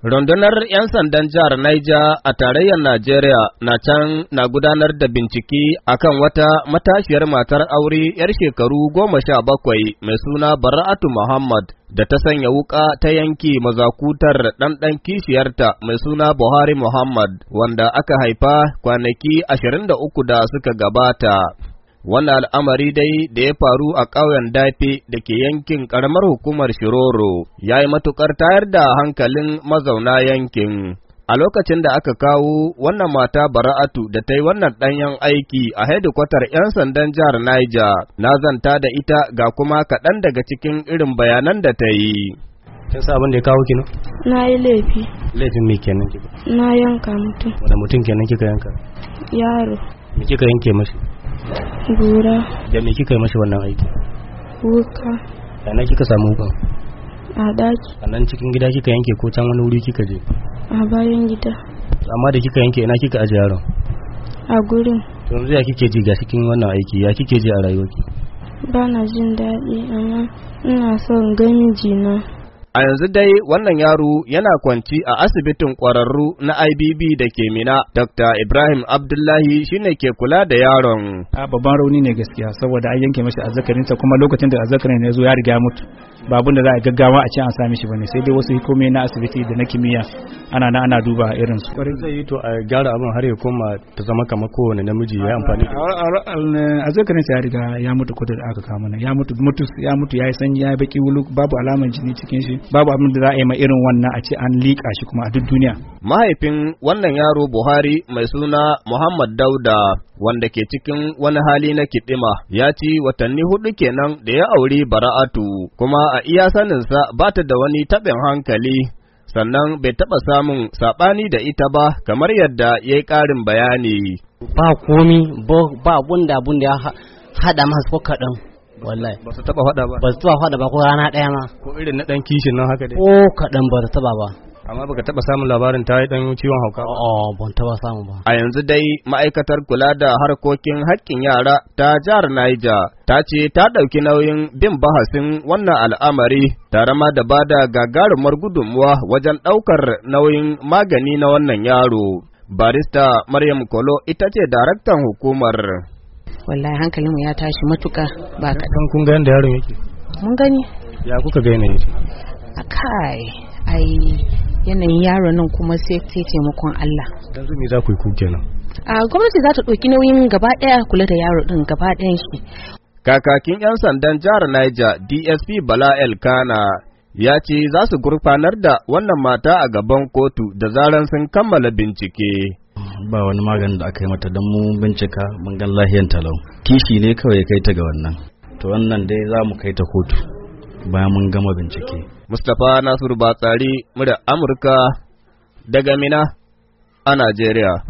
Rundunar 'yan sandan jihar Niger a tarayyar Najeriya na can na gudanar da bincike kan wata matashiyar matar aure 'yar shekaru goma sha bakwai mai suna Bara'atu Muhammad da ta sanya wuka ta yanki mazakutar ɗanɗan kishiyarta mai suna Buhari Muhammad wanda aka haifa kwanaki ashirin da uku da suka gabata. Wannan al'amari dai da ya faru a ƙauyen Dafe da ke yankin ƙaramar hukumar Shiroro ya yi matuƙar tayar da hankalin mazauna yankin. A lokacin da aka kawo wannan mata bara'atu da ta yi wannan ɗanyen aiki a hedikwatar ‘yan sandan jihar Niger, na zanta da ita ga kuma kaɗan daga cikin irin bayanan da ta yi. Kin sa abin da ya kawo kina? Na yi laifi. Laifin me kenan kika? Na yanka mutum. Wanda mutum kenan kika yanka? Yaro. Me kika yanke mashi? gora da me kika yi mashi wannan aiki wuka yana kika samu wukan a daki a nan cikin gida kika yanke ko can wani wuri kika je a bayan gida amma da kika yanke ina kika aje yaron a gurin to yanzu ya kike ji ga cikin wannan aiki ya kike ji a rayuwarki ba na jin daɗi amma ina son gani jina A yanzu dai wannan yaro yana kwanci a asibitin ƙwararru na IBB da ke Mina. Dr. Ibrahim Abdullahi shine ke kula da yaron. A babban rauni ne gaskiya saboda an yanke mashi ta kuma lokacin da azzakarin ya zo ya riga mutu. Ba abin da za a gaggawa a ce an sami shi bane sai dai wasu hikomi na asibiti da na kimiyya ana na ana duba irin su. Kwarin zai yi to a gyara abin har ya koma ta zama kamar kowane namiji ya amfani. ta ya riga ya mutu kudu da aka kama ya mutu ya mutu ya yi sanyi ya yi baki wulu babu alamar jini cikin shi. babu abin da za a yi ma irin wannan a ce an liƙa shi kuma a duk duniya mahaifin wannan yaro Buhari mai suna Muhammad Dauda wanda ke cikin wani hali na kiɗima ya ci watanni hudu kenan da ya auri bara'atu kuma a iya saninsa ba ta da wani taɓin hankali sannan bai taɓa samun saɓani da ita ba kamar yadda ya yi ƙarin bayani ba komi ba abun da ya haɗa masu kaɗan wallahi ba su taba faɗa ba ba su taba faɗa ba ko rana ɗaya ma ko irin na ɗan kishin nan haka dai ko kaɗan ba su taba ba amma baka taba samun labarin ta yi dan ciwon hauka ba oh ban taba samu ba a yanzu dai ma'aikatar kula da harkokin haƙƙin yara ta jihar Niger ta ce ta ɗauki nauyin bin bahasin wannan al'amari tare ma da bada gagarumar gudunmuwa wajen ɗaukar nauyin magani na wannan yaro barista Maryam Kolo ita ce daraktan hukumar wallahi hankalinmu ya tashi matuka ba kaɗan kun ga yadda yaron yake mun gani ya kuka ga ne. a kai ai yanayin yaron nan kuma sai taimakon Allah dan zumi za ku yi ku kenan a gwamnati za ta ɗauki nauyin gaba ɗaya kula da yaro ɗin gaba ɗayan shi kakakin 'yan sandan jihar Niger DSP Bala Elkana ya ce za su gurfanar da wannan mata a gaban kotu da zaran sun kammala bincike. ba wani maganin da aka yi mata don mu bincika mun ga lahiyan talau kishi ne kawai ya kai ta ga wannan to wannan dai za mu kai ta kotu bayan mun gama bincike mustapha nasiru batsari murya amurka daga mina a najeriya